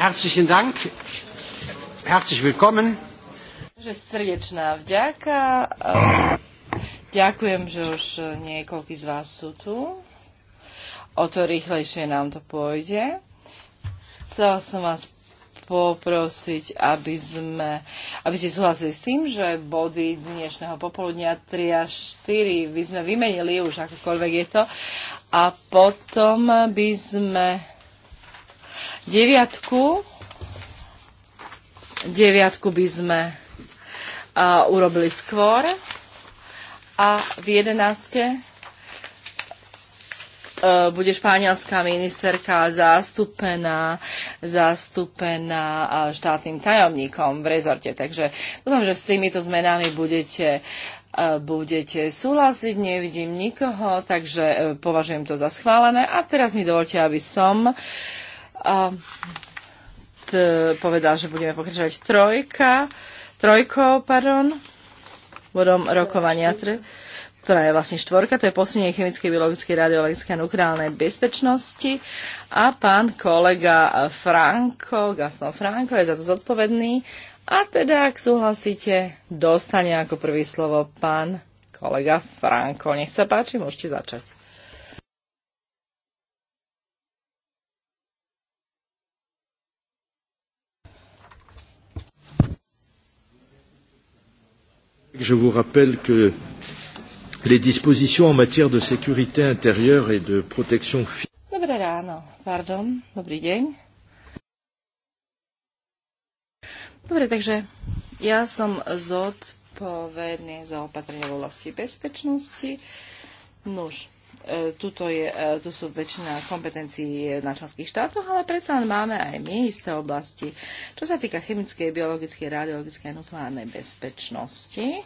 Herzlichen Dank. Herzlich willkommen. Že srdečná vďaka. Ďakujem, že už niekoľkí z vás sú tu. O to rýchlejšie nám to pôjde. Chcel som vás poprosiť, aby, sme, aby ste súhlasili s tým, že body dnešného popoludnia 3 a 4 by sme vymenili už akokoľvek je to. A potom by sme Deviatku, deviatku by sme uh, urobili skôr a v jedenáctke e, bude španielská ministerka zastúpená, zastúpená štátnym tajomníkom v rezorte. Takže dúfam, že s týmito zmenami budete e, budete súhlasiť, nevidím nikoho, takže e, považujem to za schválené. A teraz mi dovolte, aby som uh, a t- povedal, že budeme pokračovať trojka, trojko, pardon, bodom rokovania. Tre, ktorá je vlastne štvorka, to je posilnenie chemickej, biologickej, radiologickej a nukleálnej bezpečnosti. A pán kolega Franko, Gaston Franko, je za to zodpovedný. A teda, ak súhlasíte, dostane ako prvý slovo pán kolega Franko. Nech sa páči, môžete začať. je vous rappelle que les dispositions en matière de sécurité intérieure et de protection Dobré ráno, pardon, dobrý deň. Dobre, takže ja som zodpovedný za opatrenie v oblasti bezpečnosti. Nož, E, tuto je, e, tu sú väčšina kompetencií na členských štátoch, ale predsa len máme aj my isté oblasti. Čo sa týka chemickej, biologickej, radiologickej a nukleárnej bezpečnosti,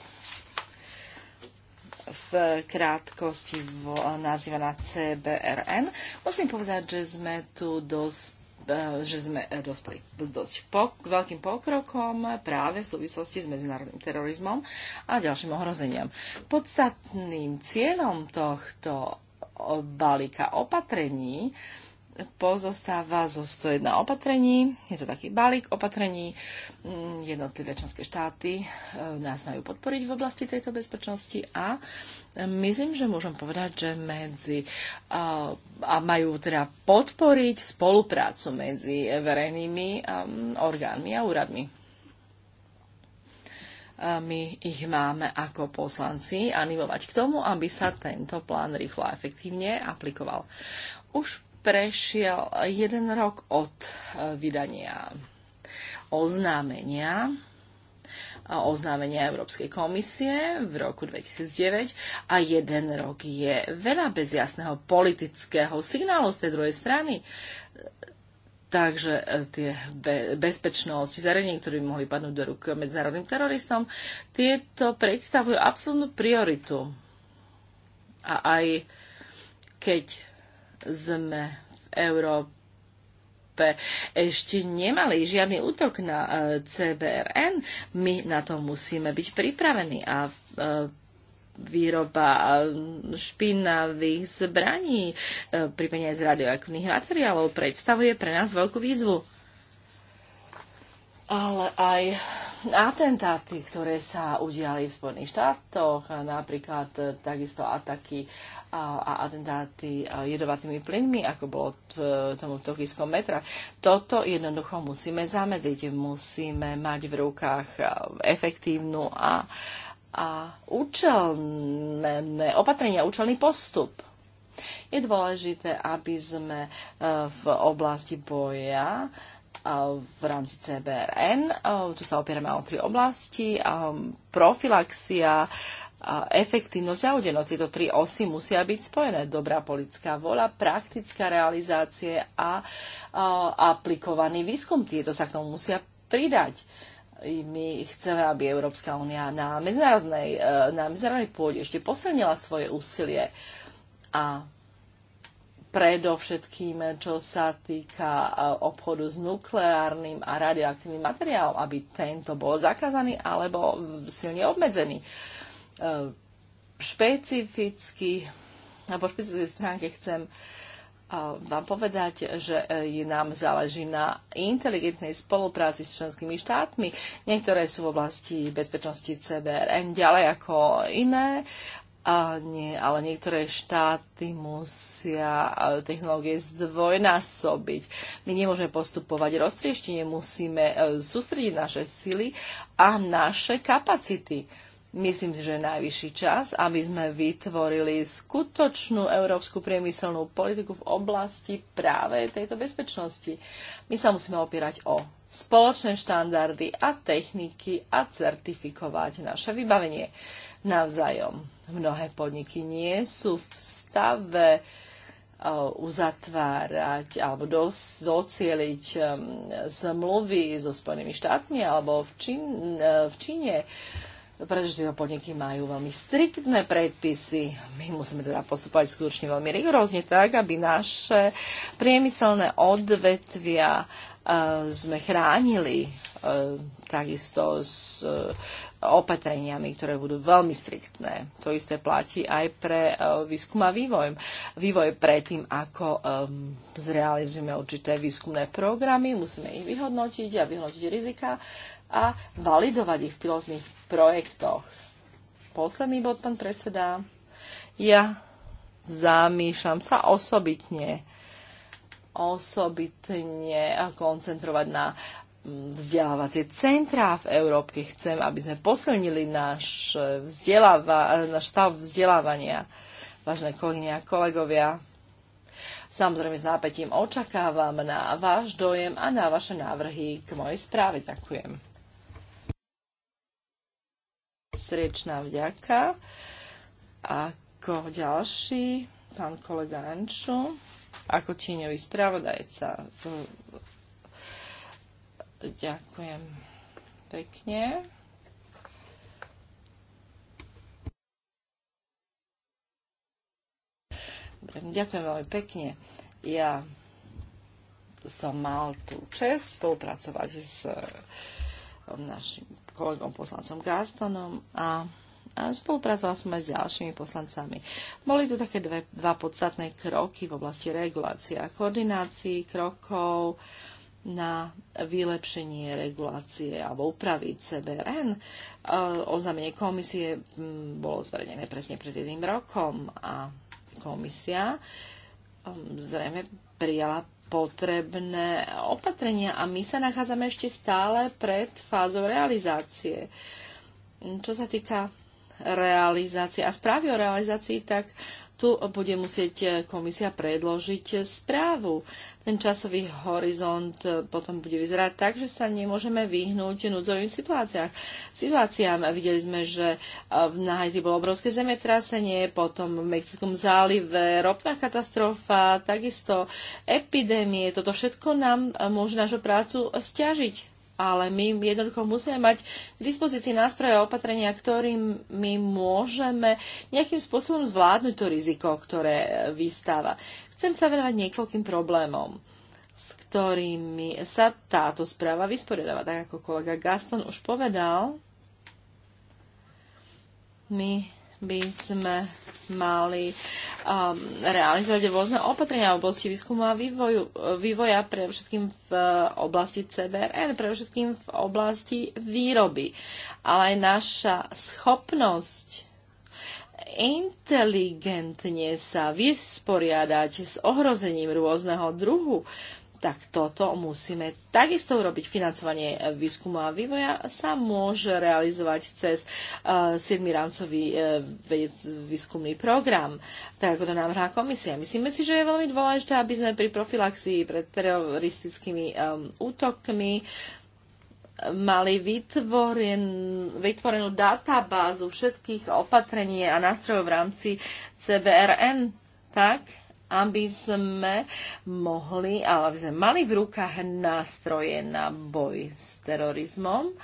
v krátkosti nazývaná CBRN. Musím povedať, že sme tu dosť e, že sme dospeli dosť po, k veľkým pokrokom práve v súvislosti s medzinárodným terorizmom a ďalším ohrozeniam. Podstatným cieľom tohto balíka opatrení pozostáva zo 101 opatrení. Je to taký balík opatrení. Mm, jednotlivé členské štáty eh, nás majú podporiť v oblasti tejto bezpečnosti a eh, myslím, že môžem povedať, že medzi a, eh, a majú teda podporiť spoluprácu medzi verejnými orgánmi a úradmi my ich máme ako poslanci animovať k tomu, aby sa tento plán rýchlo a efektívne aplikoval. Už prešiel jeden rok od e, vydania oznámenia oznámenia Európskej komisie v roku 2009 a jeden rok je veľa bez jasného politického signálu z tej druhej strany. Takže e, tie bezpečnosti bezpečnosť, zariadení, ktoré by mohli padnúť do rúk medzinárodným teroristom, tieto predstavujú absolútnu prioritu. A aj keď sme v Európe ešte nemali žiadny útok na e, CBRN, my na to musíme byť pripravení a e, výroba mm, špinavých zbraní, e, prípadne aj z radioaktívnych materiálov predstavuje pre nás veľkú výzvu. Ale aj atentáty, ktoré sa udiali v Spojených štátoch, napríklad e, takisto ataky a, a atentáty jedovatými plynmi, ako bolo v e, tomu v tokijskom metra. Toto jednoducho musíme zamedziť. Musíme mať v rukách efektívnu a, a účelné opatrenia, účelný postup. Je dôležité, aby sme e, v oblasti boja v rámci CBRN, e, tu sa opierame o tri oblasti, profilaxia, efektívnosť a údenosť. Tieto tri osy musia byť spojené. Dobrá politická vola, praktická realizácie a, a aplikovaný výskum. Tieto sa k tomu musia pridať my chceme, aby Európska únia na medzinárodnej, e, na medzinárodnej pôde ešte posilnila svoje úsilie a predovšetkým, čo sa týka e, obchodu s nukleárnym a radioaktívnym materiálom, aby tento bol zakázaný alebo silne obmedzený. E, špecificky, na po stránke chcem uh, vám povedať, že e, nám záleží na inteligentnej spolupráci s členskými štátmi. Niektoré sú v oblasti bezpečnosti CBRN ďalej ako iné, a nie, ale niektoré štáty musia e, technológie zdvojnásobiť. My nemôžeme postupovať roztrieštenie, musíme e, sústrediť naše sily a naše kapacity Myslím si, že je najvyšší čas, aby sme vytvorili skutočnú európsku priemyselnú politiku v oblasti práve tejto bezpečnosti. My sa musíme opierať o spoločné štandardy a techniky a certifikovať naše vybavenie navzájom. Mnohé podniky nie sú v stave uzatvárať alebo dos- docieliť zmluvy so Spojenými štátmi alebo v, Čín, e, v Číne pretože tieto podniky majú veľmi striktné predpisy. My musíme teda postupovať skutočne veľmi rigorózne tak, aby naše priemyselné odvetvia e, sme chránili e, takisto s e, opatreniami, ktoré budú veľmi striktné. To isté platí aj pre e, výskum a vývoj. Vývoj predtým, ako e, zrealizujeme určité výskumné programy, musíme ich vyhodnotiť a vyhodnotiť rizika a validovať ich v pilotných projektoch. Posledný bod, pán predseda. Ja zamýšľam sa osobitne osobitne koncentrovať na mm, vzdelávacie centrá v Európe. Chcem, aby sme posilnili náš, vzdeláva, náš stav vzdelávania. Vážne kolegyne a kolegovia, Samozrejme s nápetím očakávam na váš dojem a na vaše návrhy k mojej správe. Ďakujem srdečná vďaka. Ako ďalší, pán kolega Anču, ako tíňový spravodajca. Ďakujem pekne. Dobre, ďakujem veľmi pekne. Ja som mal tú čest spolupracovať s našim kolegom poslancom Gastonom a a spolupracoval som aj s ďalšími poslancami. Boli tu také dve, dva podstatné kroky v oblasti regulácie a koordinácii krokov na vylepšenie regulácie alebo upravy CBRN. E, oznámenie komisie bolo zverejnené presne pred jedným rokom a komisia zrejme prijala potrebné opatrenia a my sa nachádzame ešte stále pred fázou realizácie. Čo sa týka realizácie a správy o realizácii, tak tu bude musieť e, komisia predložiť e, správu. Ten časový horizont e, potom bude vyzerať tak, že sa nemôžeme vyhnúť núdzovým situáciách. Situáciám videli sme, že v Nahajti bolo obrovské zemetrasenie, potom v Mexickom zálive ropná katastrofa, takisto epidémie. Toto všetko nám môže našu prácu stiažiť ale my jednoducho musíme mať k dispozícii nástroje a opatrenia, ktorým my môžeme nejakým spôsobom zvládnuť to riziko, ktoré e, vystáva. Chcem sa venovať niekoľkým problémom s ktorými sa táto správa vysporiadáva. Tak ako kolega Gaston už povedal, my by sme mali um, realizovať rôzne opatrenia v oblasti výskumu a vývoju, vývoja, pre všetkým v eh, oblasti CBRN, pre všetkým v oblasti výroby. Ale aj naša schopnosť inteligentne sa vysporiadať s ohrozením rôzneho druhu tak toto musíme takisto urobiť. Financovanie výskumu a vývoja sa môže realizovať cez uh, e, 7. rámcový uh, výskumný program, tak ako to navrhá komisia. Myslíme si, že je veľmi dôležité, aby sme pri profilaxii pred teroristickými um, útokmi mali vytvoren, vytvorenú databázu všetkých opatrení a nástrojov v rámci CBRN, tak aby sme mohli, ale aby sme mali v rukách nástroje na boj s terorizmom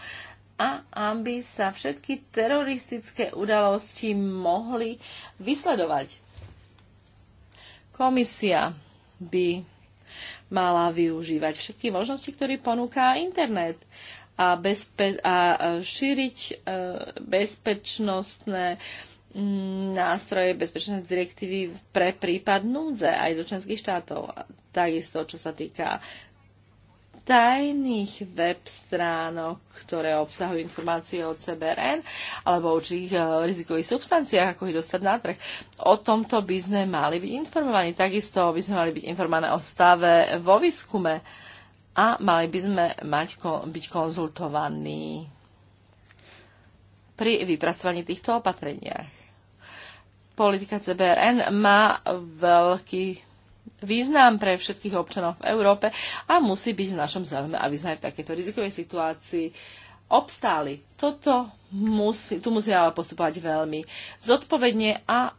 a aby sa všetky teroristické udalosti mohli vysledovať. Komisia by mala využívať všetky možnosti, ktoré ponúka internet a, bezpe- a šíriť e, bezpečnostné nástroje bezpečnosti direktívy pre prípad núdze aj do členských štátov. Takisto, čo sa týka tajných web stránok, ktoré obsahujú informácie o CBRN alebo o určitých e, rizikových substanciách, ako ich dostať na trh. O tomto by sme mali byť informovaní. Takisto by sme mali byť informované o stave vo výskume a mali by sme mať, byť konzultovaní pri vypracovaní týchto opatreniach. Politika CBRN má veľký význam pre všetkých občanov v Európe a musí byť v našom záujme, aby sme aj v takejto rizikovej situácii obstáli. Toto musí, tu musíme ale postupovať veľmi zodpovedne a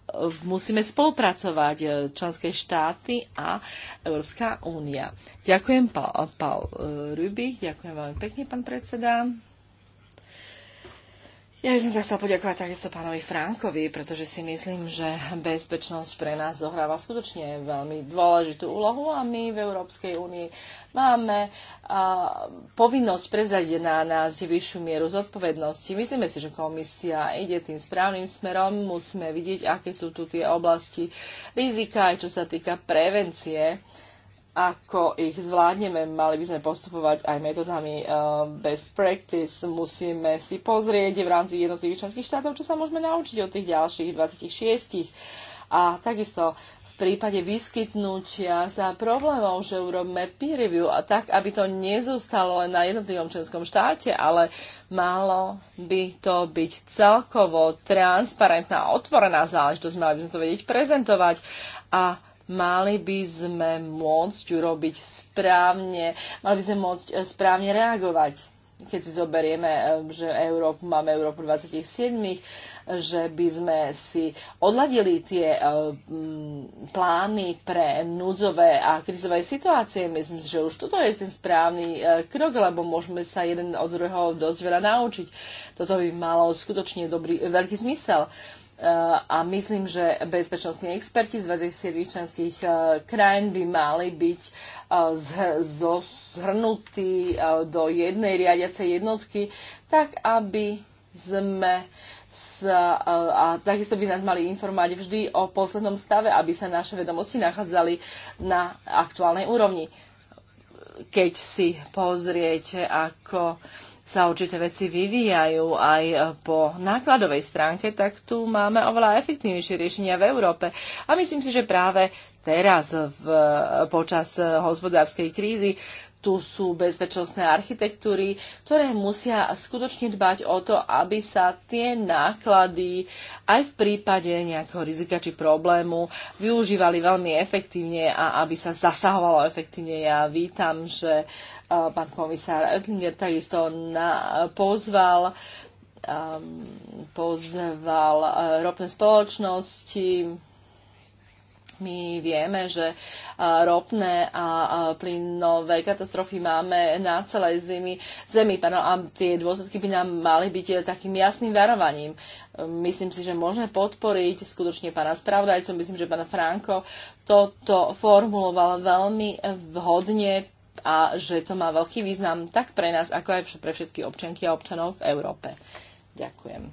musíme spolupracovať e, členské štáty a Európska únia. Ďakujem, pán e, Rubich, ďakujem veľmi pekne, pán predseda. Ja by som sa chcel poďakovať takisto pánovi Frankovi, pretože si myslím, že bezpečnosť pre nás zohráva skutočne veľmi dôležitú úlohu a my v Európskej únii máme a, povinnosť prezadiť na nás vyššiu mieru zodpovednosti. Myslíme si, že komisia ide tým správnym smerom. Musíme vidieť, aké sú tu tie oblasti rizika, aj čo sa týka prevencie ako ich zvládneme, mali by sme postupovať aj metodami eh, best practice. Musíme si pozrieť v rámci jednotlivých členských štátov, čo sa môžeme naučiť od tých ďalších 26. A takisto v prípade vyskytnutia sa problémov, že urobíme peer review a tak, aby to nezostalo len na jednotlivom členskom štáte, ale malo by to byť celkovo transparentná, otvorená záležitosť, mali by sme to vedieť prezentovať a Mali by sme môcť urobiť správne, mali by sme môcť e, správne reagovať keď si zoberieme, e, že Európu, máme Európu 27, že by sme si odladili tie e, plány pre núdzové a krizové situácie. Myslím si, že už toto je ten správny krok, lebo môžeme sa jeden od druhého dosť veľa naučiť. Toto by malo skutočne dobrý, veľký zmysel a myslím, že bezpečnostní experti z 27 členských e, krajín by mali byť e, zhrnutí e, do jednej riadiacej jednotky, tak aby sme sa, a takisto by nás mali informovať vždy o poslednom stave, aby sa naše vedomosti nachádzali na aktuálnej úrovni. Keď si pozriete, ako sa určité veci vyvíjajú aj eh, po nákladovej stránke, tak tu máme oveľa efektívnejšie riešenia v Európe. A myslím si, že práve teraz v, eh, počas eh, hospodárskej krízy tu sú bezpečnostné architektúry, ktoré musia skutočne dbať o to, aby sa tie náklady aj v prípade nejakého rizika či problému využívali veľmi efektívne a aby sa zasahovalo efektívne. Ja vítam, že pán komisár Oettinger takisto na, pozval um, pozval uh, ropné spoločnosti, my vieme, že ropné a plynové katastrofy máme na celej zemi, zemi pardon, a tie dôsledky by nám mali byť e, takým jasným varovaním. Myslím si, že môžeme podporiť skutočne pána spravodajcom. myslím, že pána Franko toto formuloval veľmi vhodne a že to má veľký význam tak pre nás, ako aj pre všetky občanky a občanov v Európe. Ďakujem.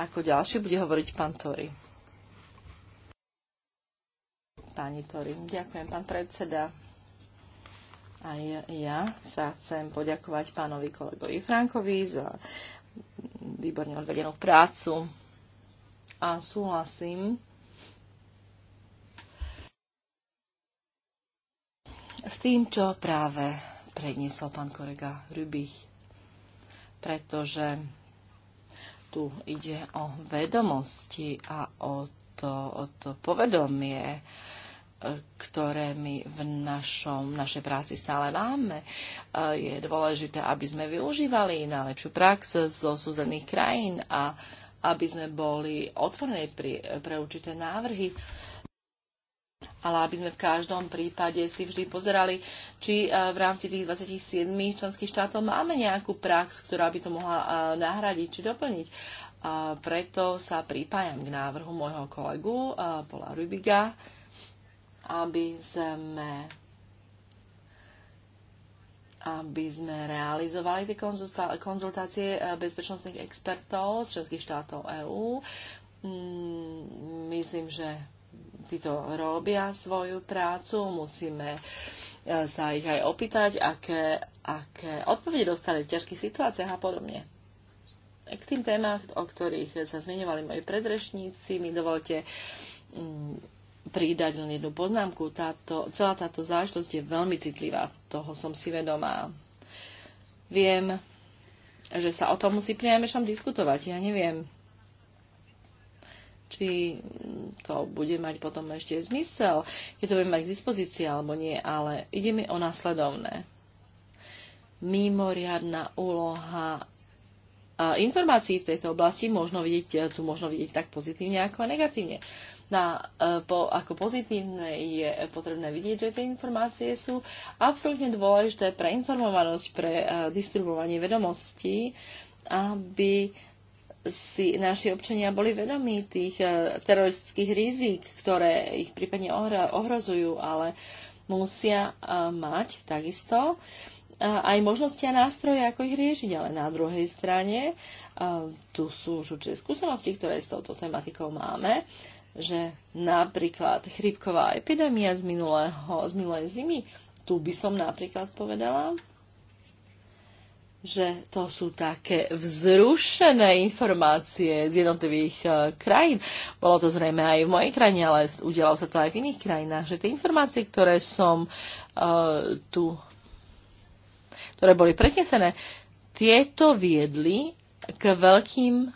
Ako ďalší bude hovoriť pán Tori pani Torin, ďakujem, pán predseda. A ja sa chcem poďakovať pánovi kolegovi Frankovi za výborne odvedenú prácu a súhlasím s tým, čo práve predniesol pán kolega Rubich. pretože tu ide o vedomosti a o to, o to povedomie, ktoré my v našom, našej práci stále máme. Je dôležité, aby sme využívali najlepšiu prax zo súzených krajín a aby sme boli otvorení pri, pre určité návrhy, ale aby sme v každom prípade si vždy pozerali, či e, v rámci tých 27 členských štátov máme nejakú prax, ktorá by to mohla e, nahradiť či doplniť. A preto sa pripájam k návrhu môjho kolegu e, Paula Rubiga, aby sme aby sme realizovali tie konzultácie eh, bezpečnostných expertov z členských štátov EÚ. Mm, myslím, že títo robia svoju prácu, musíme eh, sa ich aj opýtať, aké, aké odpovede dostali v ťažkých situáciách a podobne. K tým témach, o ktorých sa zmiňovali moji predrešníci, mi dovolte mm, pridať len jednu poznámku. Táto, celá táto záležitosť je veľmi citlivá. Toho som si vedomá. Viem, že sa o tom musí najmäšom diskutovať. Ja neviem, či to bude mať potom ešte zmysel, keď to budeme mať k dispozícii alebo nie, ale ide mi o následovné. Mimoriadná úloha informácií v tejto oblasti možno vidieť, tu možno vidieť tak pozitívne ako negatívne na, e, po, ako pozitívne je potrebné vidieť, že tie informácie sú absolútne dôležité pre informovanosť, pre e, distribuovanie vedomostí, aby si naši občania boli vedomí tých e, teroristických rizík, ktoré ich prípadne ohrozujú, ale musia mať takisto aj možnosti a nástroje, ako ich riešiť. Ale na druhej strane, tu sú už určite skúsenosti, ktoré s touto tematikou máme že napríklad chrypková epidémia z, minulého, z minulej zimy, tu by som napríklad povedala, že to sú také vzrušené informácie z jednotlivých e, krajín. Bolo to zrejme aj v mojej krajine, ale udialo sa to aj v iných krajinách, že tie informácie, ktoré som uh, tu, ktoré boli pretnesené, tieto viedli k veľkým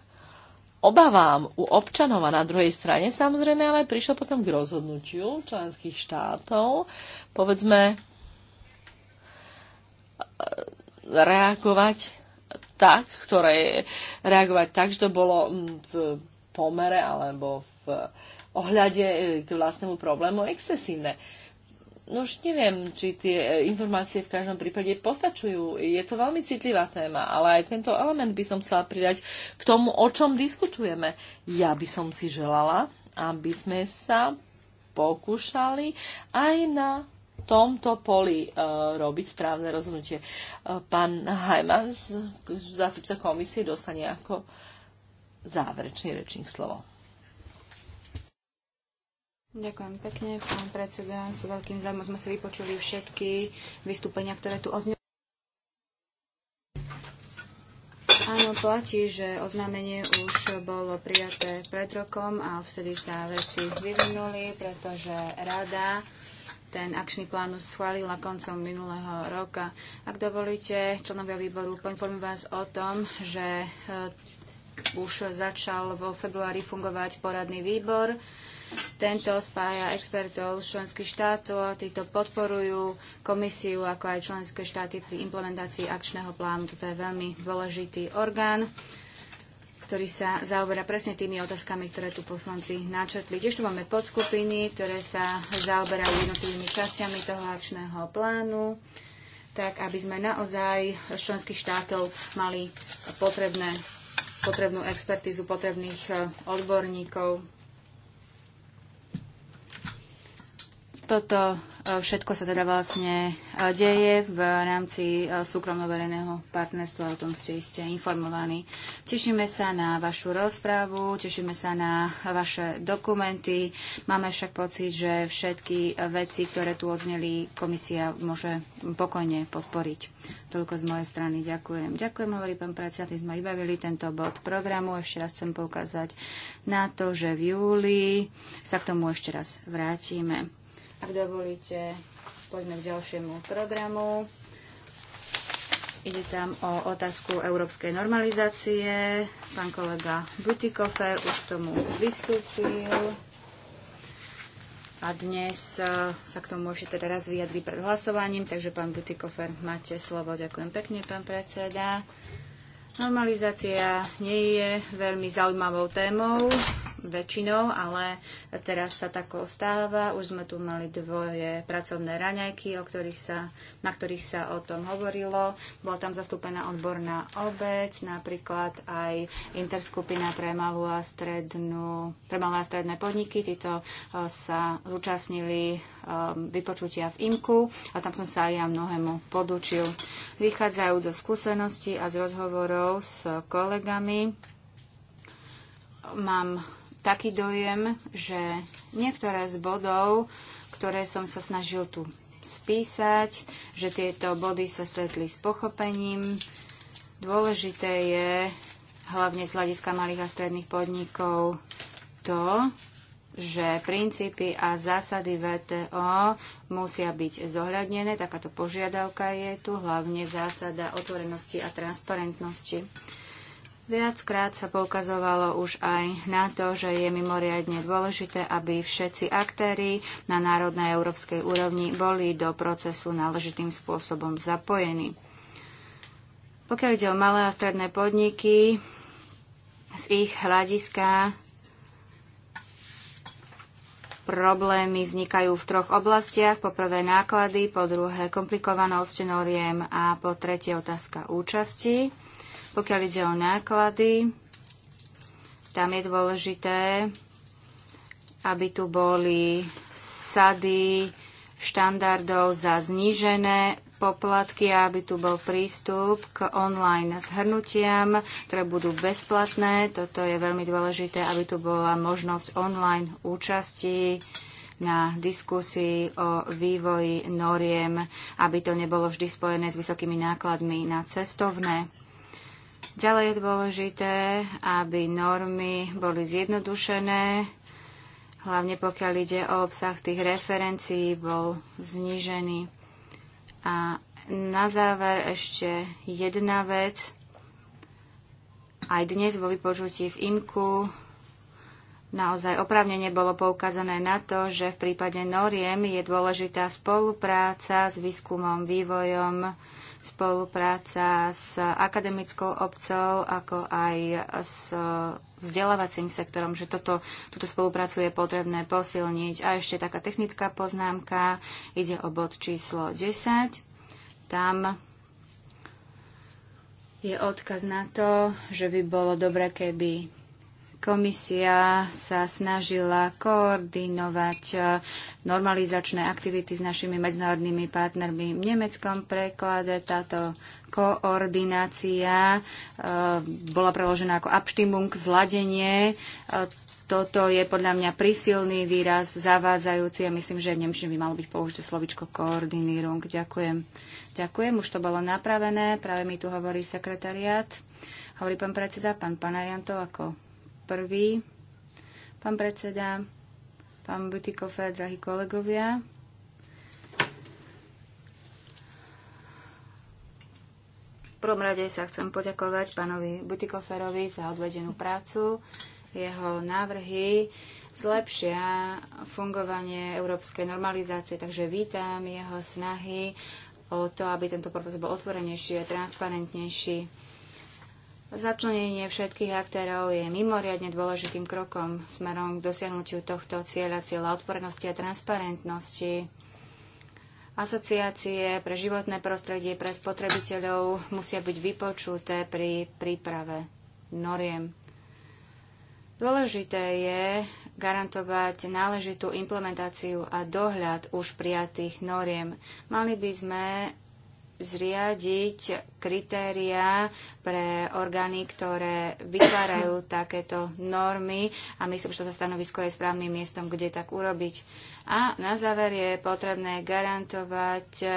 obavám u občanov a na druhej strane samozrejme ale prišlo potom k rozhodnutiu členských štátov, povedzme, e, reagovať tak, ktoré reagovať tak, že to bolo v pomere alebo v ohľade e, k vlastnému problému excesívne. No už neviem, či tie e, informácie v každom prípade postačujú. Je to veľmi citlivá téma, ale aj tento element by som chcela pridať k tomu, o čom diskutujeme. Ja by som si želala, aby sme sa pokúšali aj na tomto poli e, robiť správne rozhodnutie. E, pán Hajman, zástupca komisie, dostane ako záverečný rečník slovo. Ďakujem pekne, pán predseda. S veľkým zájmom sme si vypočuli všetky vystúpenia, ktoré tu ozneli. Áno, platí, že oznámenie už bolo prijaté pred rokom a vtedy sa veci vyvinuli, pretože rada ten akčný plán už schválila koncom minulého roka. Ak dovolíte, členovia výboru, poinformujem vás o tom, že e, už začal vo februári fungovať poradný výbor tento spája expertov z členských štátov a títo podporujú komisiu ako aj členské štáty pri implementácii akčného plánu. Toto je veľmi dôležitý orgán ktorý sa zaoberá presne tými otázkami, ktoré tu poslanci náčetli. Tiež tu máme podskupiny, ktoré sa zaoberajú jednotlivými časťami toho akčného plánu tak aby sme naozaj z členských štátov mali potrebné, potrebnú expertizu, potrebných eh, odborníkov. Toto e, všetko sa teda vlastne e, deje v rámci e, súkromno-verejného partnerstva, o tom ste iste informovaní. Tešíme sa na vašu rozprávu, tešíme sa na vaše dokumenty. Máme však pocit, že všetky veci, ktoré tu odzneli, komisia môže pokojne podporiť. Toľko z mojej strany. Ďakujem. Ďakujem, hovorí pán predseda, sme vybavili tento bod programu. Ešte raz chcem poukázať na to, že v júli sa k tomu ešte raz vrátime. Ak dovolíte, poďme k ďalšiemu programu. Ide tam o otázku európskej normalizácie. Pán kolega Butikofer už k tomu vystúpil. A dnes e, sa k tomu môžete teda raz vyjadriť pred hlasovaním. Takže, pán Butikofer, máte slovo. Ďakujem pekne, pán predseda. Normalizácia nie je veľmi zaujímavou témou väčšinou, ale teraz sa tako stáva. Už sme tu mali dvoje pracovné raňajky, o ktorých sa, na ktorých sa o tom hovorilo. Bola tam zastúpená odborná obec, napríklad aj interskupina pre malú a strednú, pre malé a stredné podniky. Títo eh, sa zúčastnili eh, vypočutia v IMKU a tam som sa aj ja mnohému podučil. Vychádzajúc zo skúseností a z rozhovorov s kolegami, mám taký dojem, že niektoré z bodov, ktoré som sa snažil tu spísať, že tieto body sa stretli s pochopením. Dôležité je hlavne z hľadiska malých a stredných podnikov to, že princípy a zásady VTO musia byť zohľadnené. Takáto požiadavka je tu, hlavne zásada otvorenosti a transparentnosti. Viackrát sa poukazovalo už aj na to, že je mimoriadne dôležité, aby všetci aktéry na národnej európskej úrovni boli do procesu náležitým spôsobom zapojení. Pokiaľ ide o malé a stredné podniky, z ich hľadiska problémy vznikajú v troch oblastiach. Po prvé náklady, po druhé komplikovanosť noriem a po tretie otázka účasti. Pokiaľ ide o náklady, tam je dôležité, aby tu boli sady štandardov za znížené poplatky, aby tu bol prístup k online zhrnutiam, ktoré budú bezplatné. Toto je veľmi dôležité, aby tu bola možnosť online účasti na diskusii o vývoji noriem, aby to nebolo vždy spojené s vysokými nákladmi na cestovné. Ďalej je dôležité, aby normy boli zjednodušené, hlavne pokiaľ ide o obsah tých referencií, bol znížený. A na záver ešte jedna vec. Aj dnes vo vypočutí v IMKU naozaj oprávnenie bolo poukázané na to, že v prípade noriem je dôležitá spolupráca s výskumom, vývojom, spolupráca s akademickou obcou, ako aj s vzdelávacím sektorom, že toto, túto spoluprácu je potrebné posilniť. A ešte taká technická poznámka, ide o bod číslo 10. Tam je odkaz na to, že by bolo dobre, keby Komisia sa snažila koordinovať eh, normalizačné aktivity s našimi medzinárodnými partnermi. V nemeckom preklade táto koordinácia eh, bola preložená ako Abstimmung, zladenie. Eh, toto je podľa mňa prísilný výraz, zavádzajúci a myslím, že v Nemčine by malo byť použité slovičko koordinírung. Ďakujem. Ďakujem, už to bolo napravené. Práve mi tu hovorí sekretariát. Hovorí pán predseda, pán Panajanto, ako prvý. Pán predseda, pán Butikofe, drahí kolegovia, prvom rade sa chcem poďakovať pánovi Butikoferovi za odvedenú prácu. Jeho návrhy zlepšia fungovanie európskej normalizácie, takže vítam jeho snahy o to, aby tento proces bol otvorenejší a transparentnejší. Začlenenie všetkých aktérov je mimoriadne dôležitým krokom smerom k dosiahnutiu tohto cieľa, cieľa odpornosti a transparentnosti. Asociácie pre životné prostredie pre spotrebiteľov musia byť vypočuté pri príprave noriem. Dôležité je garantovať náležitú implementáciu a dohľad už prijatých noriem. Mali by sme zriadiť kritériá pre orgány, ktoré vytvárajú takéto normy a myslím, že toto stanovisko je správnym miestom, kde tak urobiť. A na záver je potrebné garantovať eh,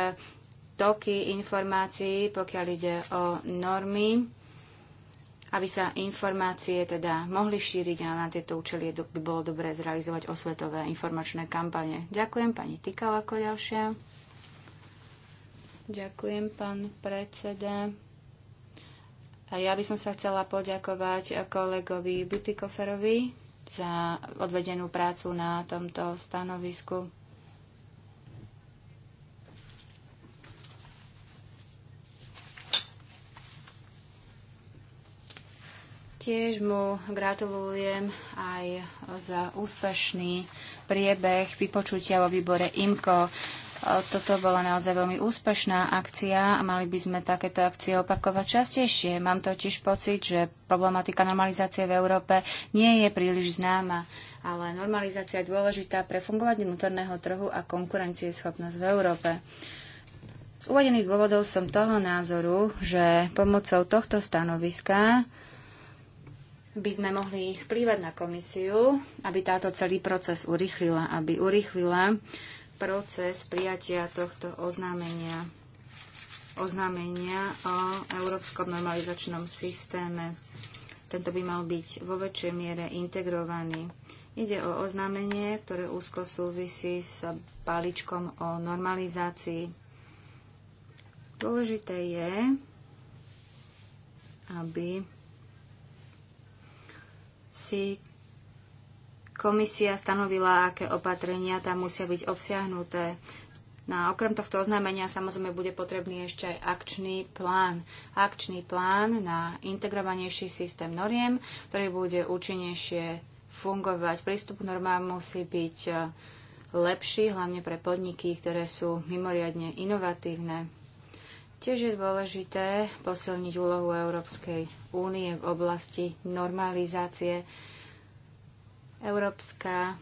toky informácií, pokiaľ ide o normy, aby sa informácie teda mohli šíriť a na tieto účely by bolo dobré zrealizovať osvetové informačné kampane. Ďakujem pani Tykal ako ďalšia. Ďakujem, pán predseda. A ja by som sa chcela poďakovať kolegovi Butikoferovi za odvedenú prácu na tomto stanovisku. Tiež mu gratulujem aj za úspešný priebeh vypočutia vo výbore IMKO. Toto bola naozaj veľmi úspešná akcia a mali by sme takéto akcie opakovať častejšie. Mám totiž pocit, že problematika normalizácie v Európe nie je príliš známa, ale normalizácia je dôležitá pre fungovanie vnútorného trhu a konkurencieschopnosť v Európe. Z uvedených dôvodov som toho názoru, že pomocou tohto stanoviska by sme mohli vplývať na komisiu, aby táto celý proces urýchlila, aby urýchlila proces prijatia tohto oznámenia oznámenia o Európskom normalizačnom systéme. Tento by mal byť vo väčšej miere integrovaný. Ide o oznámenie, ktoré úzko súvisí s balíčkom o normalizácii. Dôležité je, aby si Komisia stanovila, aké opatrenia tam musia byť obsiahnuté. No a okrem tohto oznámenia samozrejme bude potrebný ešte aj akčný plán. Akčný plán na integrovanejší systém noriem, ktorý bude účinnejšie fungovať. Prístup k normám musí byť e, lepší, hlavne pre podniky, ktoré sú mimoriadne inovatívne. Tiež je dôležité posilniť úlohu Európskej únie v oblasti normalizácie Európska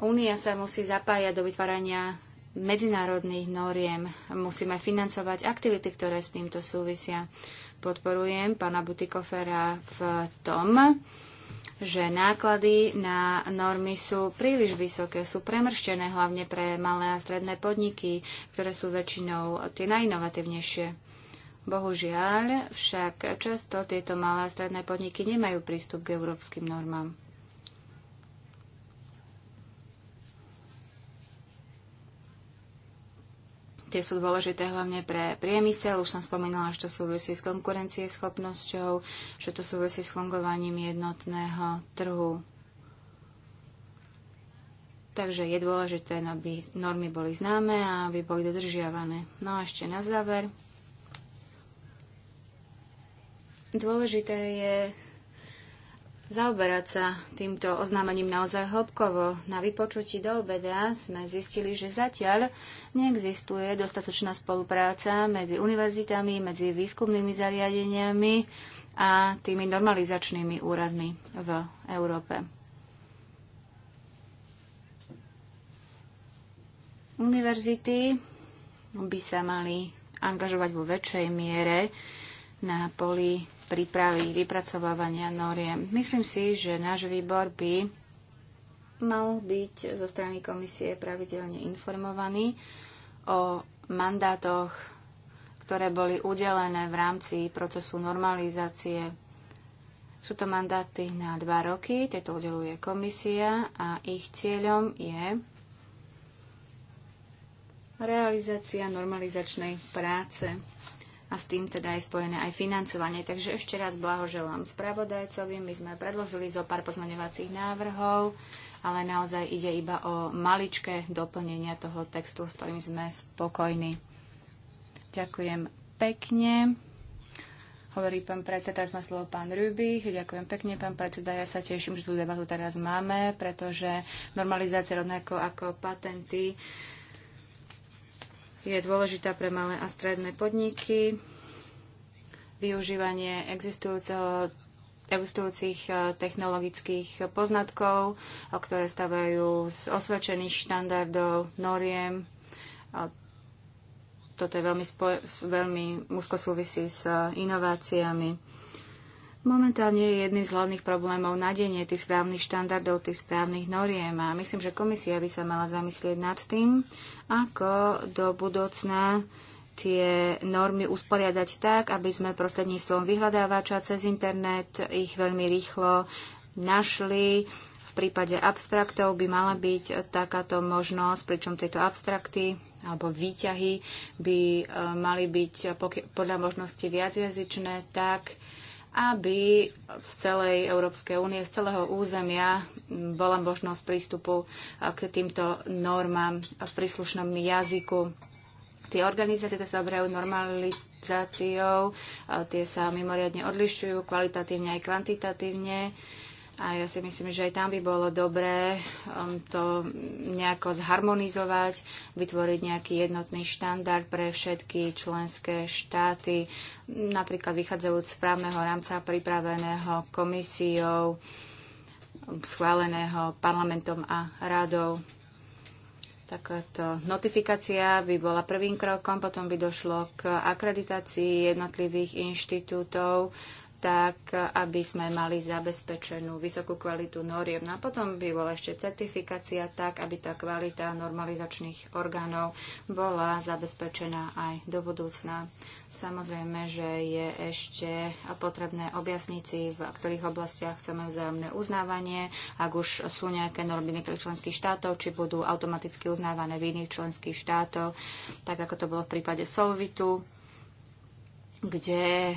únia sa musí zapájať do vytvárania medzinárodných noriem. Musíme financovať aktivity, ktoré s týmto súvisia. Podporujem pána Butikofera v tom, že náklady na normy sú príliš vysoké, sú premrštené hlavne pre malé a stredné podniky, ktoré sú väčšinou tie najinovatívnejšie. Bohužiaľ, však často tieto malé a stredné podniky nemajú prístup k európskym normám. Tie sú dôležité hlavne pre priemysel. Už som spomínala, že to súvisí s konkurencieschopnosťou, že to súvisí s fungovaním jednotného trhu. Takže je dôležité, aby normy boli známe a aby boli dodržiavané. No a ešte na záver. Dôležité je zaoberať sa týmto oznámením naozaj hlbkovo. Na vypočutí do obeda sme zistili, že zatiaľ neexistuje dostatočná spolupráca medzi univerzitami, medzi výskumnými zariadeniami a tými normalizačnými úradmi v Európe. Univerzity by sa mali angažovať vo väčšej miere na poli prípravy, vypracovávania noriem. Myslím si, že náš výbor by mal byť zo strany komisie pravidelne informovaný o mandátoch, ktoré boli udelené v rámci procesu normalizácie. Sú to mandáty na dva roky, tieto udeluje komisia a ich cieľom je realizácia normalizačnej práce a s tým teda je spojené aj financovanie. Takže ešte raz blahoželám spravodajcovi. My sme predložili zo pár pozmaňovacích návrhov, ale naozaj ide iba o maličké doplnenia toho textu, s ktorým sme spokojní. Ďakujem pekne. Hovorí pán predseda, teraz má slovo pán Rubich. Ďakujem pekne, pán predseda. Ja sa teším, že tú debatu teraz máme, pretože normalizácia rovnako ako patenty je dôležitá pre malé a stredné podniky. Využívanie existujúceho existujúcich e, technologických poznatkov, ktoré stavajú z osvedčených štandardov, noriem. Toto je veľmi, spoj- veľmi úzko súvisí s e, inováciami. Momentálne je jedným z hlavných problémov nadenie tých správnych štandardov, tých správnych noriem a myslím, že komisia by sa mala zamyslieť nad tým, ako do budúcna tie normy usporiadať tak, aby sme prostredníctvom vyhľadávača cez internet ich veľmi rýchlo našli. V prípade abstraktov by mala byť takáto možnosť, pričom tieto abstrakty alebo výťahy by eh, mali byť podľa možnosti viacjazyčné tak, aby z celej Európskej únie, z celého územia bola možnosť prístupu e, k týmto normám v príslušnom jazyku. Tie organizácie sa obrajú normalizáciou, tie sa mimoriadne odlišujú kvalitatívne aj kvantitatívne. A ja si myslím, že aj tam by bolo dobré um, to nejako zharmonizovať, vytvoriť nejaký jednotný štandard pre všetky členské štáty, napríklad vychádzajúc z právneho rámca pripraveného komisiou, schváleného parlamentom a radou. Takáto notifikácia by bola prvým krokom, potom by došlo k akreditácii jednotlivých inštitútov, tak aby sme mali zabezpečenú vysokú kvalitu noriem. No a potom by bola ešte certifikácia tak, aby tá kvalita normalizačných orgánov bola zabezpečená aj do budúcna. Samozrejme, že je ešte potrebné objasniť si, v ktorých oblastiach chceme vzájomné uznávanie, ak už sú nejaké normy niektorých členských štátov, či budú automaticky uznávané v iných členských štátoch, tak ako to bolo v prípade Solvitu, kde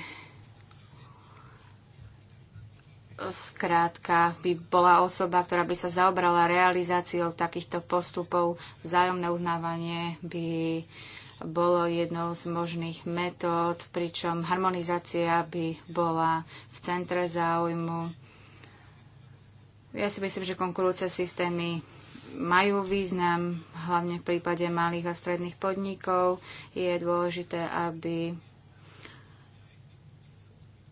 skrátka by bola osoba, ktorá by sa zaobrala realizáciou takýchto postupov. Vzájomné uznávanie by bolo jednou z možných metód, pričom harmonizácia by bola v centre záujmu. Ja si myslím, že konkurujúce systémy majú význam, hlavne v prípade malých a stredných podnikov. Je dôležité, aby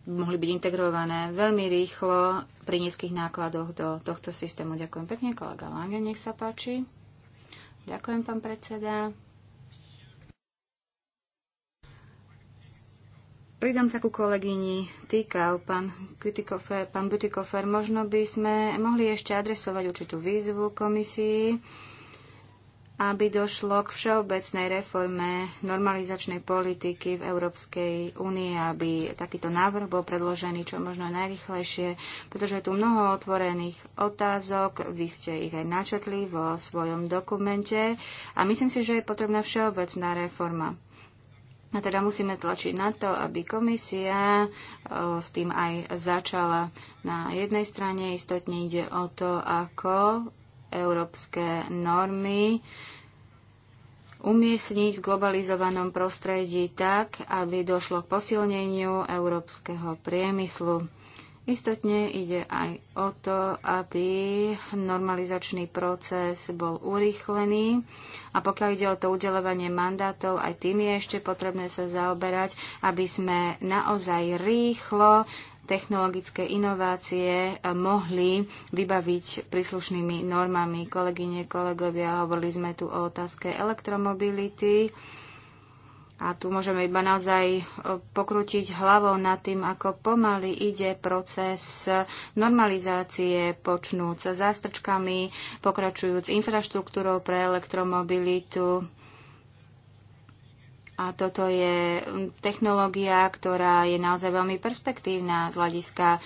mohli byť integrované veľmi rýchlo pri nízkych nákladoch do tohto systému. Ďakujem pekne, kolega Lange, nech sa páči. Ďakujem, pán predseda. Pridám sa ku kolegyni Týkal, pán, pán Butikofer. Možno by sme mohli ešte adresovať určitú výzvu komisii aby došlo k všeobecnej reforme normalizačnej politiky v Európskej únie, aby takýto návrh bol predložený čo možno najrychlejšie, pretože je tu mnoho otvorených otázok, vy ste ich aj načetli vo svojom dokumente a myslím si, že je potrebná všeobecná reforma. A teda musíme tlačiť na to, aby komisia o, s tým aj začala. Na jednej strane istotne ide o to, ako európske normy umiestniť v globalizovanom prostredí tak, aby došlo k posilneniu európskeho priemyslu. Istotne ide aj o to, aby normalizačný proces bol urýchlený a pokiaľ ide o to udelovanie mandátov, aj tým je ešte potrebné sa zaoberať, aby sme naozaj rýchlo technologické inovácie eh, mohli vybaviť príslušnými normami. Kolegyne, kolegovia, hovorili sme tu o otázke elektromobility. A tu môžeme iba naozaj eh, pokrútiť hlavou nad tým, ako pomaly ide proces normalizácie, počnúc s zástrčkami, pokračujúc infraštruktúrou pre elektromobilitu, a toto je mm, technológia, ktorá je naozaj veľmi perspektívna z hľadiska e,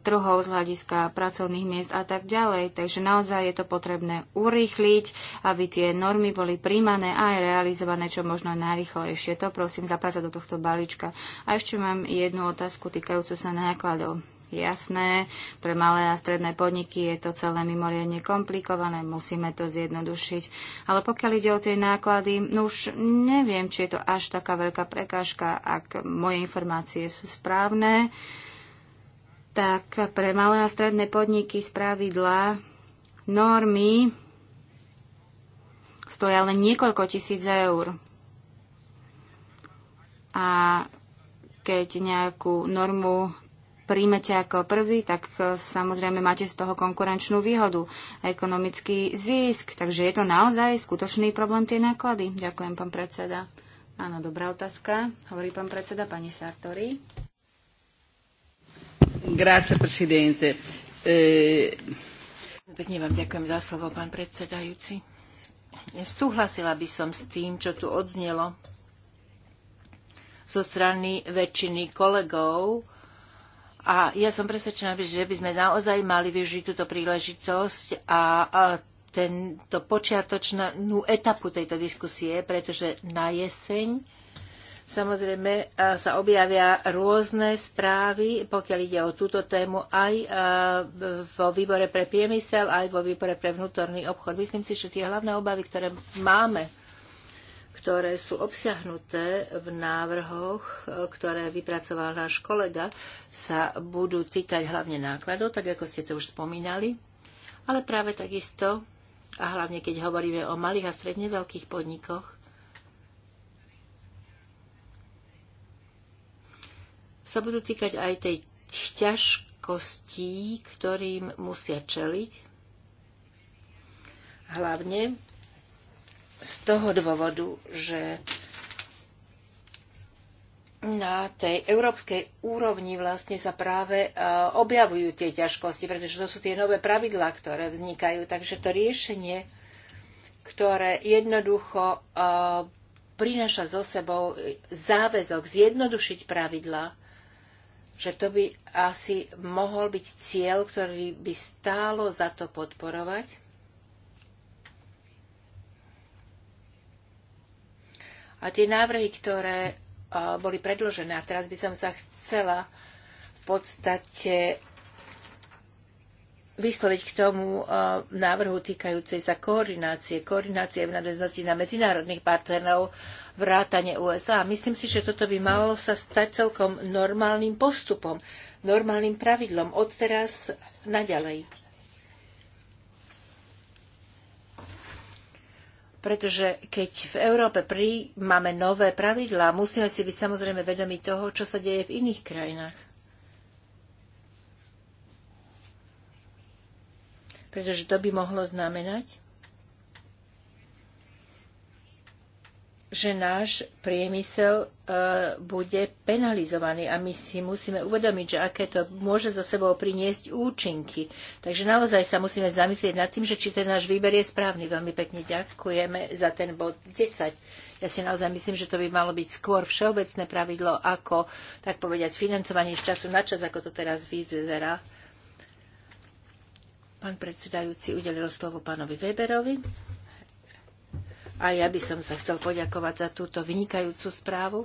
trhov, z hľadiska pracovných miest a tak ďalej. Takže naozaj je to potrebné urýchliť, aby tie normy boli príjmané a aj realizované čo možno najrychlejšie. To prosím zapracovať do tohto balíčka. A ešte mám jednu otázku týkajúcu sa nákladov jasné. Pre malé a stredné podniky je to celé mimoriadne komplikované, musíme to zjednodušiť. Ale pokiaľ ide o tie náklady, no už neviem, či je to až taká veľká prekážka, ak moje informácie sú správne. Tak pre malé a stredné podniky z pravidla normy stoja len niekoľko tisíc eur. A keď nejakú normu príjmete ako prvý, tak e, samozrejme máte z toho konkurenčnú výhodu, ekonomický zisk. Takže je to naozaj skutočný problém tie náklady? Ďakujem, pán predseda. Áno, dobrá otázka. Hovorí pán predseda, pani Sartori. Grazie, presidente. E... Pekne vám ďakujem za slovo, pán predsedajúci. Súhlasila by som s tým, čo tu odznelo zo strany väčšiny kolegov, a ja som presvedčená, že by sme naozaj mali využiť túto príležitosť a, a tento počiatočnú etapu tejto diskusie, pretože na jeseň Samozrejme e, sa objavia rôzne správy, pokiaľ ide o túto tému, aj e, vo výbore pre priemysel, aj vo výbore pre vnútorný obchod. Myslím si, že tie hlavné obavy, ktoré máme ktoré sú obsiahnuté v návrhoch, e, ktoré vypracoval náš kolega, sa budú týkať hlavne nákladov, tak ako ste to už spomínali, ale práve takisto, a hlavne keď hovoríme o malých a stredne veľkých podnikoch, sa budú týkať aj tej ťažkostí, ktorým musia čeliť. Hlavne z toho dôvodu, že na tej európskej úrovni vlastne sa práve e, objavujú tie ťažkosti, pretože to sú tie nové pravidlá, ktoré vznikajú. Takže to riešenie, ktoré jednoducho e, prináša zo sebou záväzok zjednodušiť pravidla, že to by asi mohol byť cieľ, ktorý by stálo za to podporovať. A tie návrhy, ktoré boli predložené, a teraz by som sa chcela v podstate vysloviť k tomu návrhu týkajúcej sa koordinácie, koordinácie v nadväznosti na medzinárodných partnerov vrátane USA. Myslím si, že toto by malo sa stať celkom normálnym postupom, normálnym pravidlom od teraz naďalej. pretože keď v Európe príjmame nové pravidlá, musíme si byť samozrejme vedomi toho, čo sa deje v iných krajinách. Pretože to by mohlo znamenať, že náš priemysel e, bude penalizovaný a my si musíme uvedomiť, že aké to môže za sebou priniesť účinky. Takže naozaj sa musíme zamyslieť nad tým, že či ten náš výber je správny. Veľmi pekne ďakujeme za ten bod 10. Ja si naozaj myslím, že to by malo byť skôr všeobecné pravidlo ako, tak povedať, financovanie z času na čas, ako to teraz vyzerá. Pán predsedajúci udelil slovo pánovi Weberovi. A ja by som sa chcel poďakovať za túto vynikajúcu správu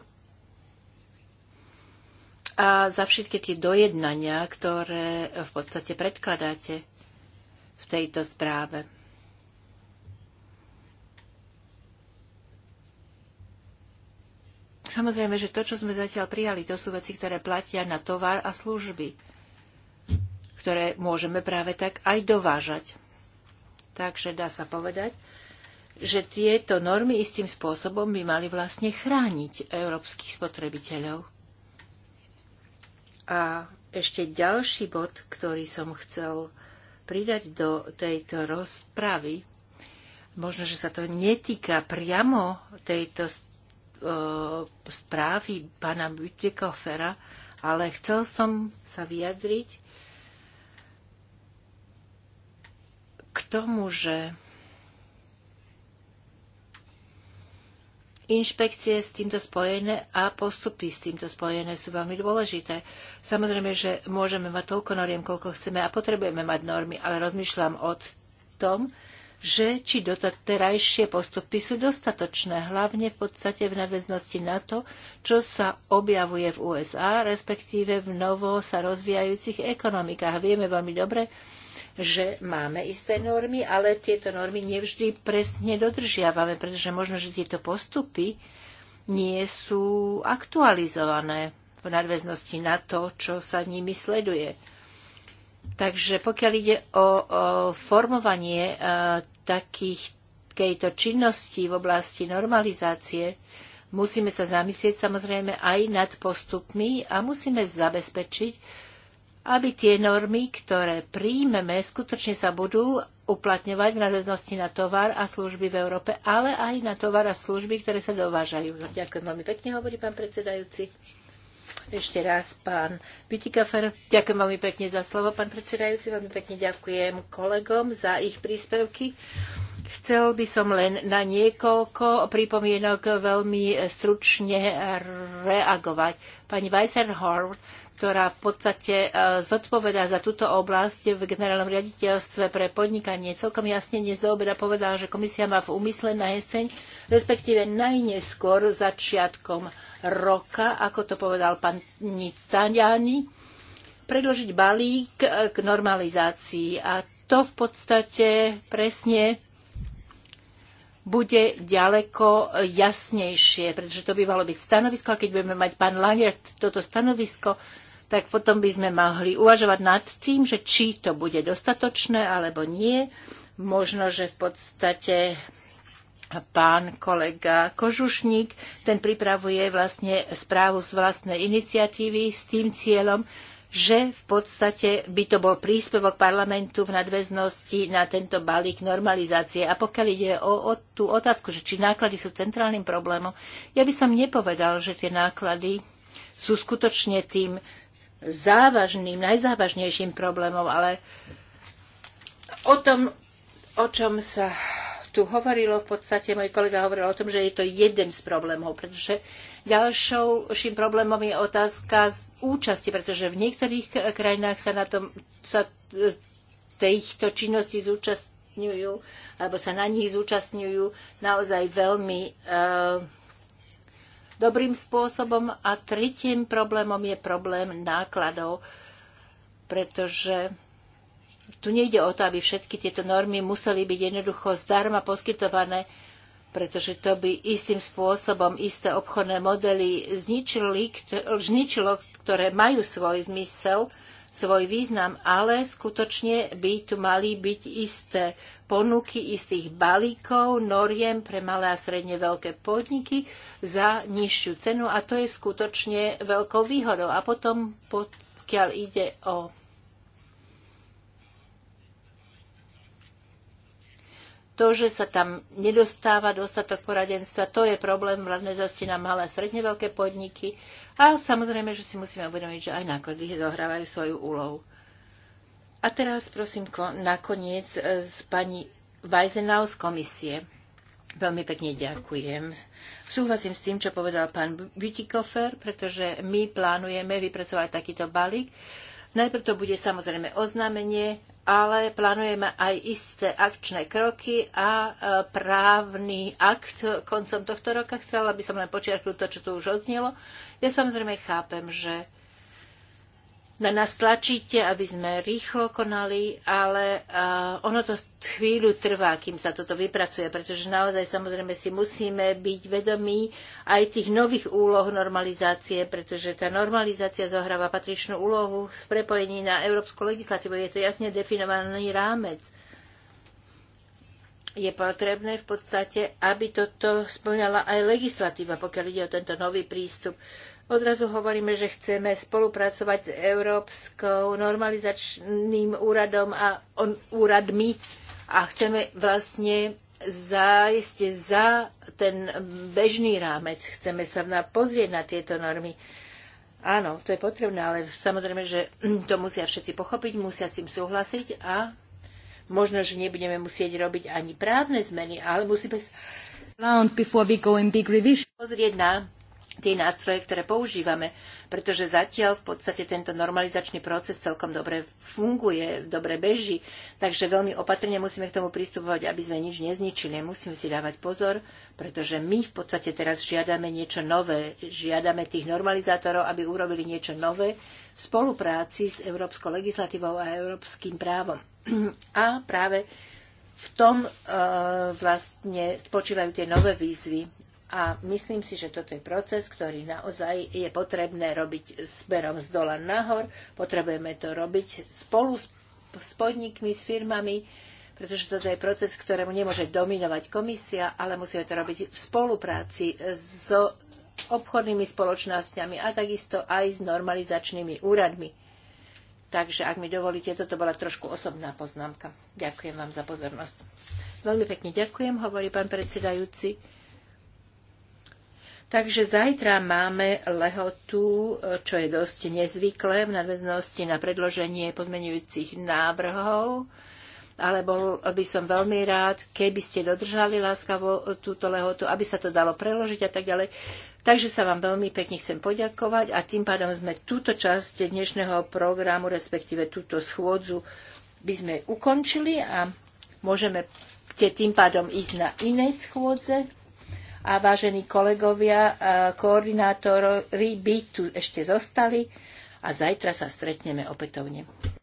a za všetky tie dojednania, ktoré v podstate predkladáte v tejto správe. Samozrejme, že to, čo sme zatiaľ prijali, to sú veci, ktoré platia na tovar a služby, ktoré môžeme práve tak aj dovážať. Takže dá sa povedať, že tieto normy istým spôsobom by mali vlastne chrániť európskych spotrebiteľov. A ešte ďalší bod, ktorý som chcel pridať do tejto rozpravy, možno, že sa to netýka priamo tejto e, správy pána Butekofera, ale chcel som sa vyjadriť k tomu, že inšpekcie s týmto spojené a postupy s týmto spojené sú veľmi dôležité. Samozrejme, že môžeme mať toľko noriem, koľko chceme a potrebujeme mať normy, ale rozmýšľam o tom, že či doterajšie postupy sú dostatočné, hlavne v podstate v nadväznosti na to, čo sa objavuje v USA, respektíve v novo sa rozvíjajúcich ekonomikách. Vieme veľmi dobre, že máme isté normy, ale tieto normy nevždy presne dodržiavame, pretože možno, že tieto postupy nie sú aktualizované v nadväznosti na to, čo sa nimi sleduje. Takže pokiaľ ide o, o formovanie e, takých, takejto činnosti v oblasti normalizácie, musíme sa zamyslieť samozrejme aj nad postupmi a musíme zabezpečiť, aby tie normy, ktoré príjmeme, skutočne sa budú uplatňovať v nadväznosti na tovar a služby v Európe, ale aj na tovar a služby, ktoré sa dovážajú. No, ďakujem veľmi pekne, hovorí pán predsedajúci. Ešte raz pán Pitikafer. Ďakujem veľmi pekne za slovo, pán predsedajúci. Veľmi pekne ďakujem kolegom za ich príspevky. Chcel by som len na niekoľko pripomienok veľmi stručne reagovať. Pani Weissenhorn, ktorá v podstate e, zodpovedá za túto oblasť v generálnom riaditeľstve pre podnikanie, celkom jasne dnes do obeda povedala, že komisia má v úmysle na jeseň, respektíve najneskôr začiatkom roka, ako to povedal pán Tajani, predložiť balík e, k normalizácii. A to v podstate presne bude ďaleko jasnejšie, pretože to by malo byť stanovisko a keď budeme mať pán Lanier toto stanovisko, tak potom by sme mohli uvažovať nad tým, že či to bude dostatočné alebo nie. Možno, že v podstate pán kolega Kožušník, ten pripravuje vlastne správu z vlastnej iniciatívy s tým cieľom, že v podstate by to bol príspevok parlamentu v nadväznosti na tento balík normalizácie. A pokiaľ ide o, o tú otázku, že či náklady sú centrálnym problémom, ja by som nepovedal, že tie náklady sú skutočne tým závažným, najzávažnejším problémom, ale o tom, o čom sa tu hovorilo, v podstate môj kolega hovoril o tom, že je to jeden z problémov, pretože ďalším problémom je otázka účasti, pretože v niektorých krajinách sa na tom sa e, týchto činností zúčastňujú, alebo sa na nich zúčastňujú naozaj veľmi e, dobrým spôsobom. A tretím problémom je problém nákladov, pretože tu nejde o to, aby všetky tieto normy museli byť jednoducho zdarma poskytované pretože to by istým spôsobom isté obchodné modely zničili, zničilo, ktoré majú svoj zmysel, svoj význam, ale skutočne by tu mali byť isté ponuky istých balíkov, noriem pre malé a stredne veľké podniky za nižšiu cenu a to je skutočne veľkou výhodou. A potom, pokiaľ ide o to, že sa tam nedostáva dostatok poradenstva, to je problém zosti na malé a stredne veľké podniky. A samozrejme, že si musíme uvedomiť, že aj náklady zohrávajú svoju úlohu. A teraz prosím nakoniec e, s pani Weisenau z komisie. Veľmi pekne ďakujem. Súhlasím s tým, čo povedal pán Butikofer, pretože my plánujeme vypracovať takýto balík, Najprv to bude samozrejme oznámenie, ale plánujeme aj isté akčné kroky a e, právny akt koncom tohto roka. Chcela by som len počiarknúť to, čo tu už odznelo. Ja samozrejme chápem, že na nás tlačíte, aby sme rýchlo konali, ale uh, ono to chvíľu trvá, kým sa toto vypracuje, pretože naozaj samozrejme si musíme byť vedomí aj tých nových úloh normalizácie, pretože tá normalizácia zohráva patričnú úlohu v prepojení na európsku legislatívu. Je to jasne definovaný rámec je potrebné v podstate, aby toto splňala aj legislatíva, pokiaľ ide o tento nový prístup. Odrazu hovoríme, že chceme spolupracovať s Európskou normalizačným úradom a on, úradmi a chceme vlastne zájsť za ten bežný rámec. Chceme sa na, pozrieť na tieto normy. Áno, to je potrebné, ale samozrejme, že to musia všetci pochopiť, musia s tým súhlasiť a možno, že nebudeme musieť robiť ani právne zmeny, ale musíme pozrieť na tie nástroje, ktoré používame, pretože zatiaľ v podstate tento normalizačný proces celkom dobre funguje, dobre beží, takže veľmi opatrne musíme k tomu pristupovať, aby sme nič nezničili. Musíme si dávať pozor, pretože my v podstate teraz žiadame niečo nové. Žiadame tých normalizátorov, aby urobili niečo nové v spolupráci s európskou legislatívou a európskym právom. A práve v tom uh, vlastne spočívajú tie nové výzvy a myslím si, že toto je proces, ktorý naozaj je potrebné robiť smerom z dola nahor. Potrebujeme to robiť spolu s, podnikmi, s firmami, pretože toto je proces, ktorému nemôže dominovať komisia, ale musíme to robiť v spolupráci s obchodnými spoločnosťami a takisto aj s normalizačnými úradmi. Takže, ak mi dovolíte, toto bola trošku osobná poznámka. Ďakujem vám za pozornosť. Veľmi pekne ďakujem, hovorí pán predsedajúci. Takže zajtra máme lehotu, eh, čo je dosť nezvyklé v nadväznosti na predloženie podmenujúcich návrhov, ale bol by som veľmi rád, keby ste dodržali láskavo eh, túto lehotu, aby sa to dalo preložiť a tak ďalej. Takže sa vám veľmi pekne chcem poďakovať a tým pádom sme túto časť dnešného programu, respektíve túto schôdzu, by sme ukončili a môžeme tým pádom ísť na iné schôdze a vážení kolegovia, e, koordinátori by tu ešte zostali a zajtra sa stretneme opätovne.